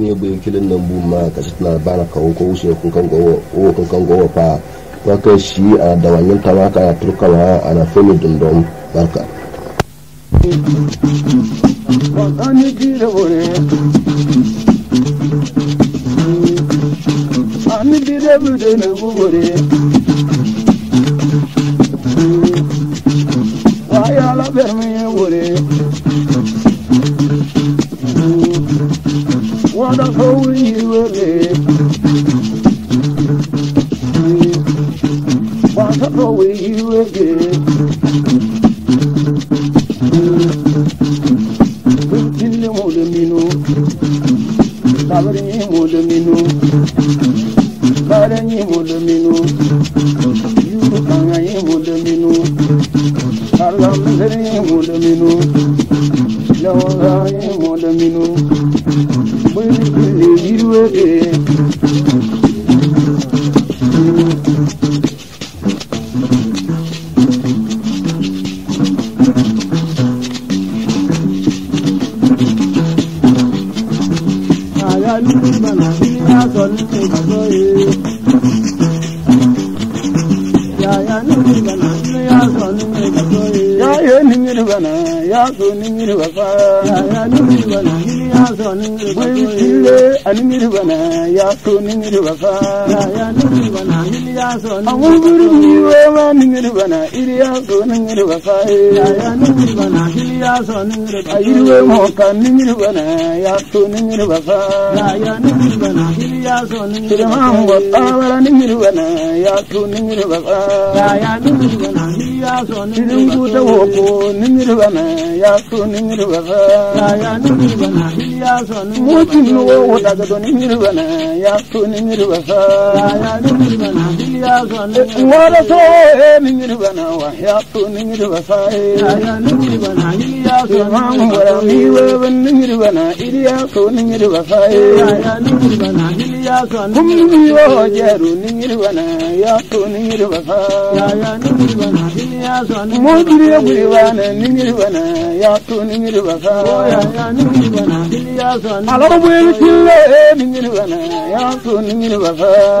ne be kilin nan bu ma ka shi tana bana ka ko wuce kun kan gowo o kun kan gowo fa wa ka shi a da tawaka ya turkawa ana fami dundum barka Ani dire bore Ani dire bore ne bore Wa ya la berme bore wanna hold you again. Wanna hold you again. Wintini mole i sabrini mole minu, barani mole minu, yukangai mole minu, alamdari mole minu, lawangai the minu today. nirvana ya to ni nirvana ya nirvana ya so ni awu guru ni wa ni nirvana iri ya so ni nirvana ya nirvana ya so ni nirvana iri we mo ka ni nirvana ya to ni nirvana ya nirvana ya so ni nirvana wo I'm I'm nimiruvana yaku nimiruvaha yaku nimiruvana ورثوا من ربنا وحياطوا من ربصائر إمام ورمي وابن من ربنا إلياقوا من ربصائر هم من وجاروا من ربنا ياقوا من ربصائر مدري قريوانا من ربنا ياقوا من ربصائر على ربنا كله من ربنا ياقوا من ربصائر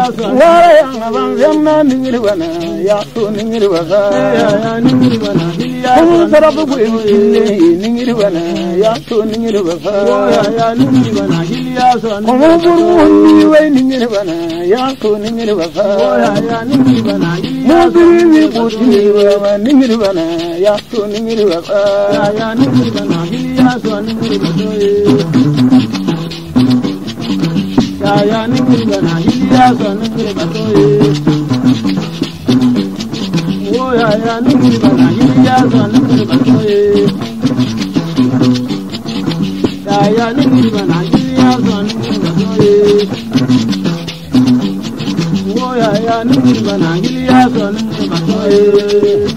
yara yana ban ya to ya ya ya ya ya ya ya ya ya ya ya sọ nígbèrè bàtò yìí. Wo yàyà nígbèrè bàtà yìí yá sọ nígbèrè bàtò yìí. Yàyà nígbèrè bàtà yìí yá sọ nígbèrè bàtò yìí. Wo yàyà nígbèrè bàtà yìí yá sọ nígbèrè bàtò yìí.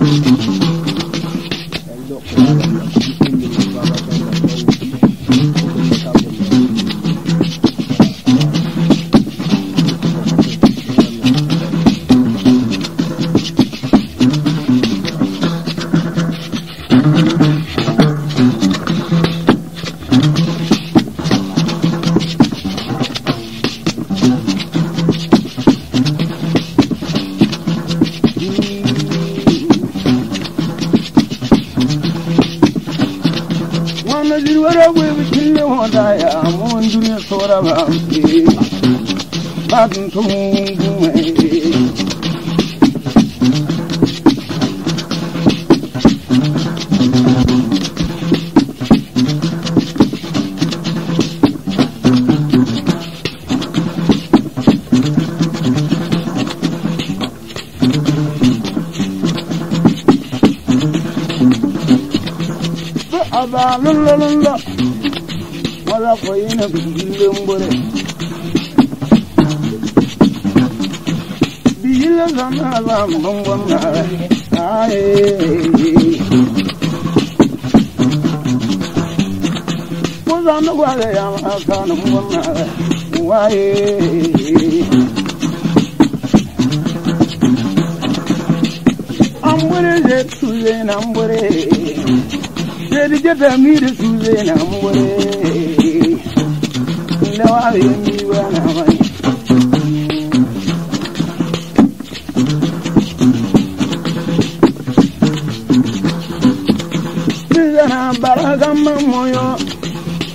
a a l u l a l a wala ko yina lumbore I'm with it, ko I'm with it. Did you waye me to tuze I'm with it. No, I didn't baraga mamoyo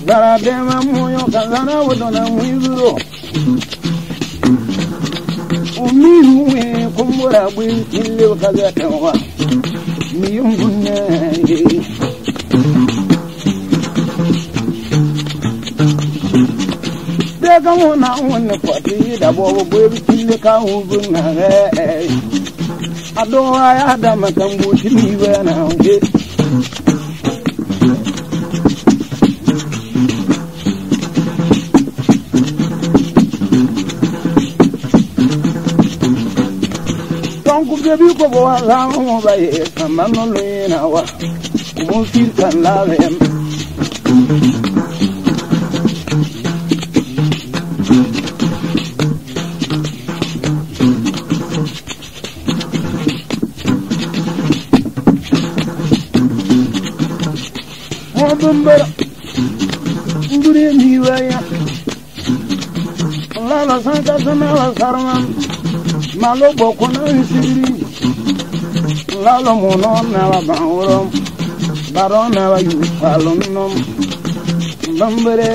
garabe mamoyo kazana wodona mwizuro umiruwe kumbura bwintile kazatewa miyungunaye daga wona wona kwati da bobo bwebi kille ka huzuna adowa ya dama kambuti miwe na ngi jabi ko bo la mo ba ye samano le wa mo fil kan la vem santa sana la malo boko na isiri lalo muno na wa bangoro baro na wa yu palom nom bambere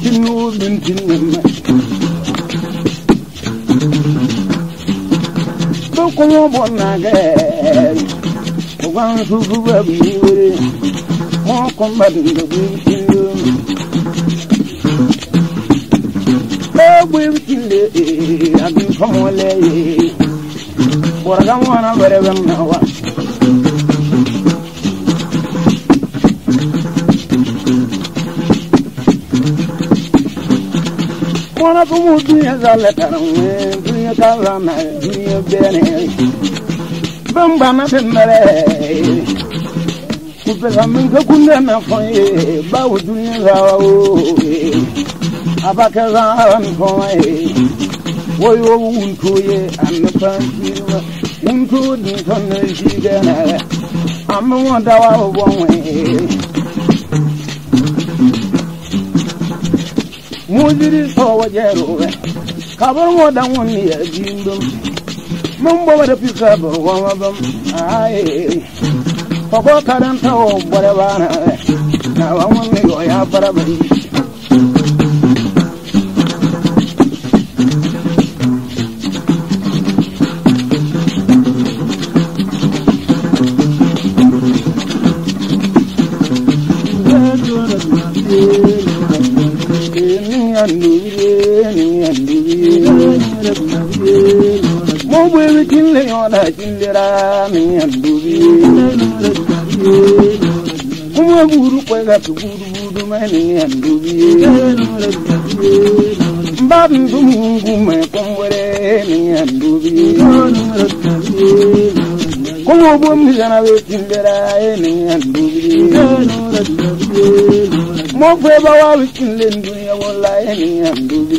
chinu bin chinu boko mo bonage Ogwan sufu babu yore mo kon badin da bu le a bi fɔmɔ lɛ ye bɔrɔda mɔna wɛrɛ bɛ mun na wa. mɔna tumu dunya zalɛ tara ŋmɛ dunya ka lana dunya bɛnɛ bɛn bana bɛ mɛrɛ. Kupesa minge kunde na fɔ ye bawo dunya la o. E abakazan koye woyo wuntuye amepansiwa wuntu dintonne jigene amewo dawa obonwe mujiri sowo jerowe kabarwo dan wonni ya jindum mun bawa da fika barwa bam aye fago karanta wo bore bana na wa wonni go ya كل ولكن لرام يندوبي kuma buru kwai ga tu me buru mani babu dungu me kumbure ni yandubi kuma bom jana we kindera ni yandubi mo kwe ba wa we kinden duniya wallahi e ni yandubi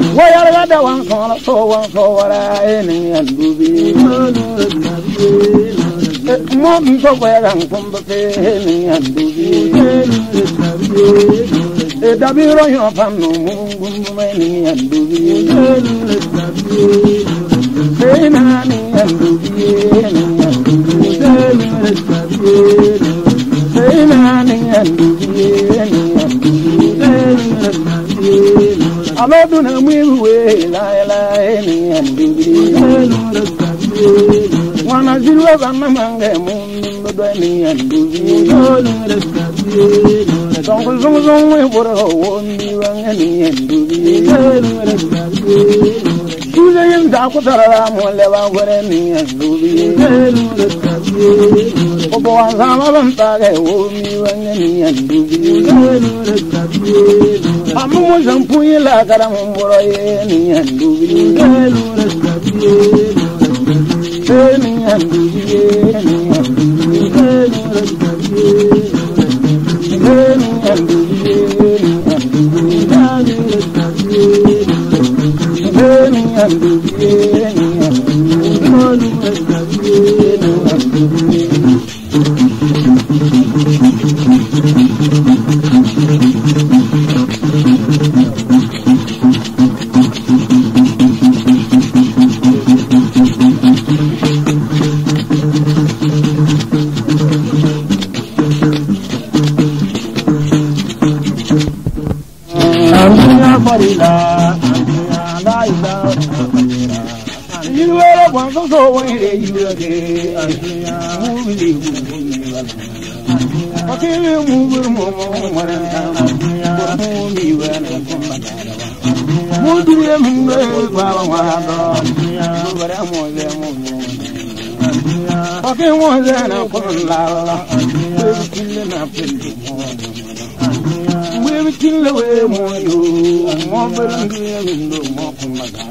wayar gada wan kawar so wan kawar ainihin yan dubi mo n so wayar an kun ba fe ainihin yan dubi e dabi royin ofan no mu gungun mai ni yan dubi sai na ni yan dubi ni yan dubi sai na ni yan dubi alọ́dún náà Amu shampoo la karamu boro ni andu ye lu rastabi ni andu ye ni andu ni andu ye ni andu ni andu wuli wuli wala wakele mubur momo mara tama ko mi wala ko magara mudur ya min be baba wa do bara kille na pindi mo we kille we mo yo mo bel ndu ya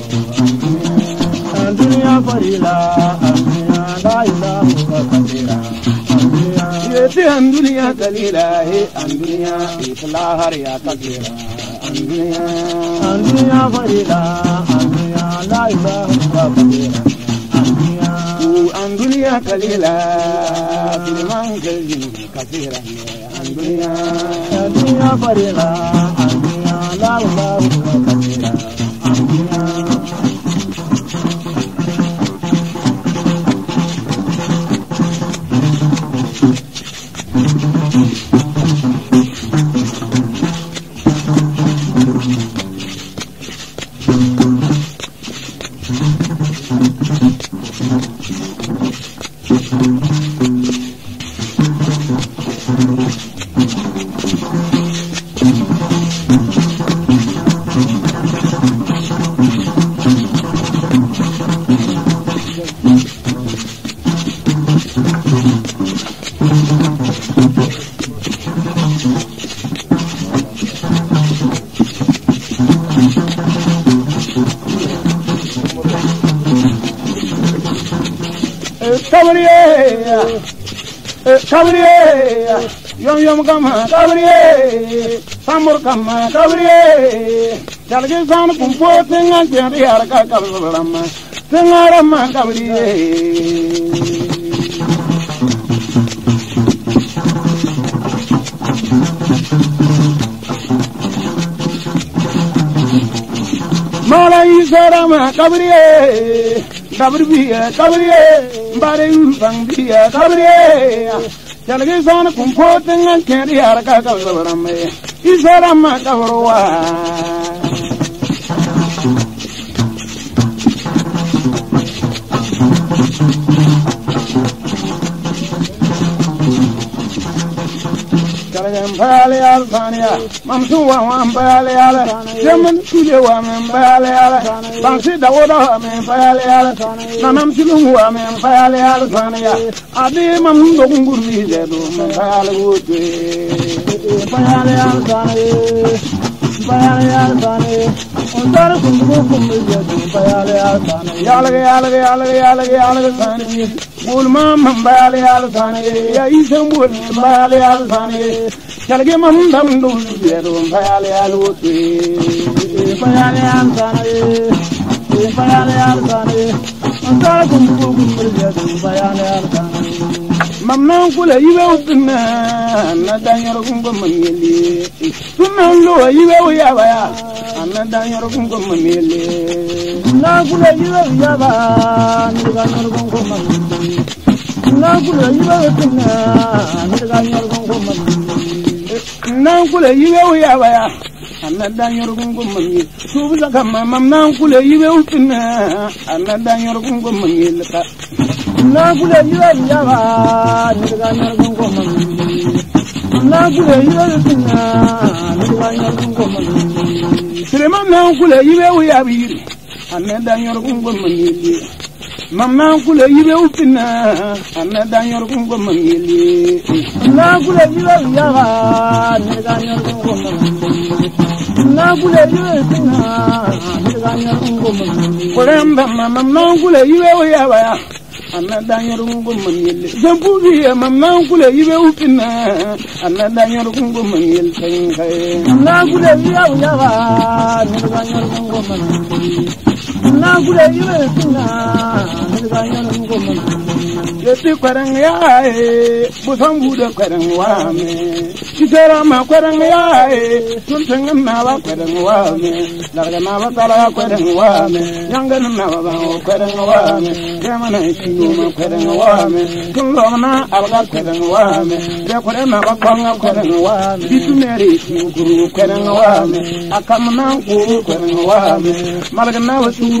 farila amina la ilaha illa kabira yete an kalila he an duniya islahar ya kabira an la ilaha illa kabira عن دنيا قليلة في المنزل كثيرا عن دنيا دنيا فريضة Gabriel, yom yom kama Gabriel, samur kama Gabriel, jalgi san kumpo tenga jari arka kabrama, tenga rama Gabriel. Mala Isarama Gabriel, Gabriel, Gabriel, Mbare Mbang Gabriel, jalgi sõn kũmpõ tɩngã kẽed yaar ka ka zib Thank you. bayaleyal faniya mamsun wa wan bayaleyala jamin tuje wa min bayaleyala bansi dawoda wa min bayaleyala nanam silum wa min bayaleyala faniya adi mamsun dogun gurbi zedu min bayaleyala bayanayaal saanaye bayanayaal saanaye ontaara kumbugo kumbugo bayanayaal saanaye yaalaga yaalaga yaalaga yaalaga yaalaga saanaye बोलमा मम बयाल याल थाने यही से बोल बयाल याल थाने चल के मम दम दूल ये रोम बयाल याल होते बयाल याल थाने बयाल याल थाने अंतर गुम गुम बयाल याल थाने mamman kula yiwe utunna na dan yorgun goma mele tunan lo yiwe uya baya na dan yorgun goma mele na kula yiwe uya ba na dan yorgun goma mele na kula yiwe utunna na dan yorgun goma mele na kula yiwe uya baya anna dan yorgun gomma mi subu saka mamam nan kule yiwe ultina anna dan yorgun gomma mi laka na kule yiro yaba nirga nyargun ko man na kule yiro tinya nirga nyargun ko man sire man na kule yibe wi abiri anne da nyargun ko man yeli mamma kule yibe upina anne da nyargun ko man na kule yiro yaba nirga nyargun ko man na kule yiro tinya nirga nyargun ko man kule mamma mamma kule yibe wi abaya anna dañor ngo man yelle jambu bi ma man kule yibe upina anna dañor ngo man yel tan kai. na kule yiya ya ga ni dañor ngo man na you. na na na na na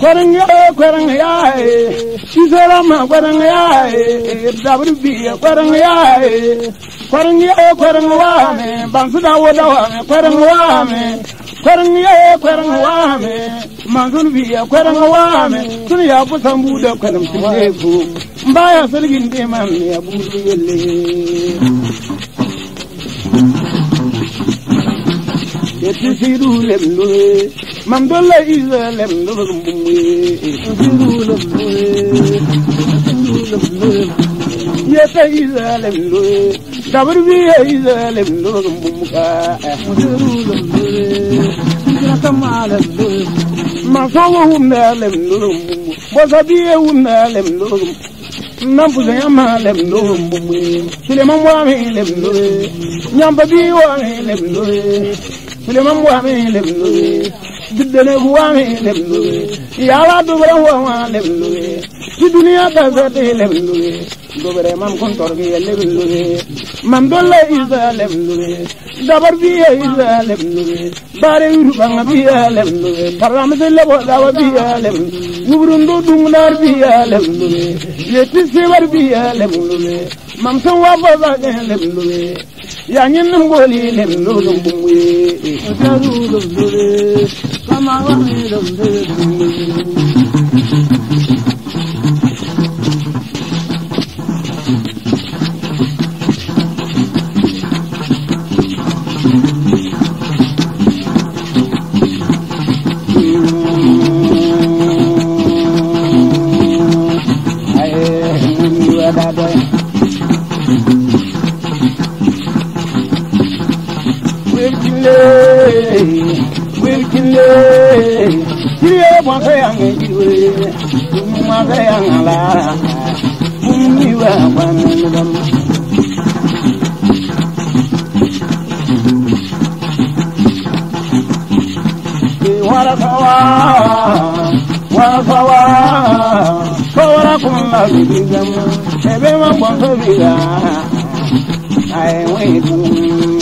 kwaren ya kwaren ya shi salama kwaren ya dabri bi kwaren ya kwaren ya kwaren wa me ban su dawo dawa me kwaren wa me kwaren ya kwaren wa me manzun bi ya kwaren wa me sun ya bu san bu da kwaren su ne ko baya sulgin de man me abu yelle Yeti siru lemlue Mandola izalem lulumwe Ndulumwe Ndulumwe Yata izalem lulwe Dabarbiya izalem lulumwe Ndulumwe Yatamalem lulwe Masawa humnalem lulumwe Bosabiye humnalem lulumwe Nampuza yamalem lulumwe Suleman wame lulwe Nyamba biwa lulwe filman wami lebluwe diddene wami lebluwe yala dubra wama lebluwe si duniya kasate lebluwe dobre mam kon torgiye lebluwe mam dolla isa lebluwe dabar biya isa lebluwe bare urubanga biya lebluwe paramse lebo dawa biya lebluwe yubrundu dungnar biya lebluwe yeti sebar biya lebluwe mam san wa baza lebluwe ya nyin num go li lem no dum bum we kama wa me dum yiri yɛrɛ bɔn fɛ yan kɛ jiwe ma fɛ yan ka laara mun yi wa ban dɔn. wara fawa wara fawa kɔwara kun ebe ma bɔn fɛ bi la a ye wɛn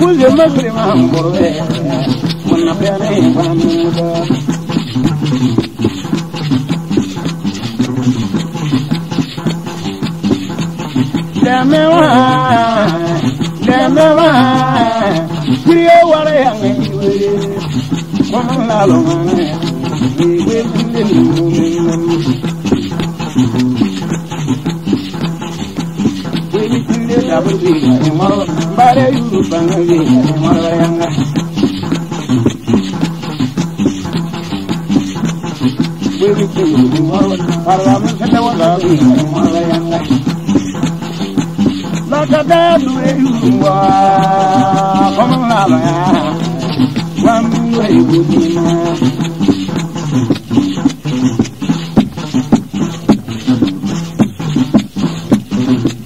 كل مجرم عن قربه من خيرين فنودا دموا دموا كريا وريا من لا لمن يقول للمؤمن yabuti moro bare yuru bangi moro yanga Baby, baby, moro parlamu kete wangawi yanga Lakada duwe yuwa komang lava ya wamu ebu dina Thank you.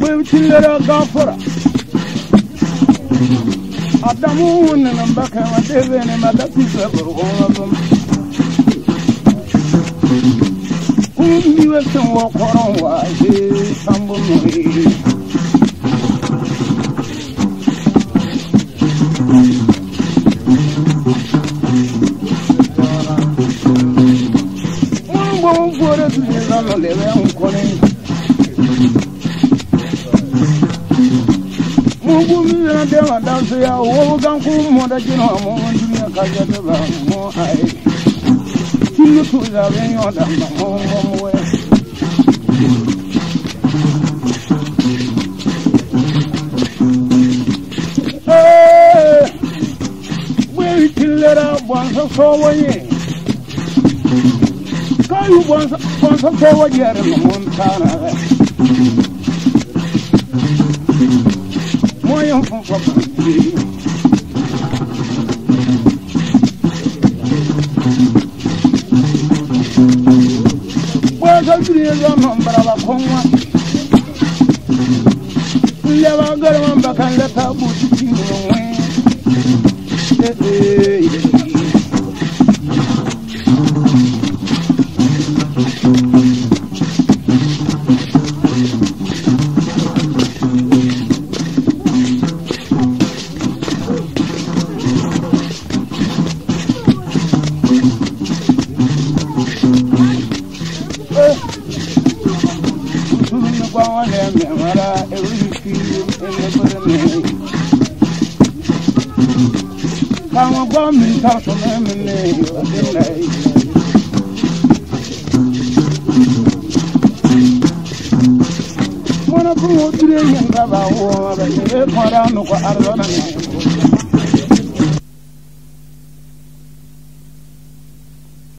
Bıvçillere gafura Adamının bakama devenime de güzel olmadım Kumbi ve sen o koron var náà lọ lè rẹ ń kọ́ lẹ́yìn. mo mi yẹn dé wà dá sí ya owó kan kú mọ́ dájú náà mo ń dún yẹn kájọ tó bá mọ́ àyè. tí mo tún ìlàbẹ̀ yàn dàgbà mọ́ mọ́ mọ́ wẹ́. Gbé ìtìlẹ́ra bọ̀ àṣọ sọ́wọ́ kwanza mtewa jere mumtana moyo mfuko Let tuliyeza mambara bakonwa lyabagala mambakanda tabuti kimwe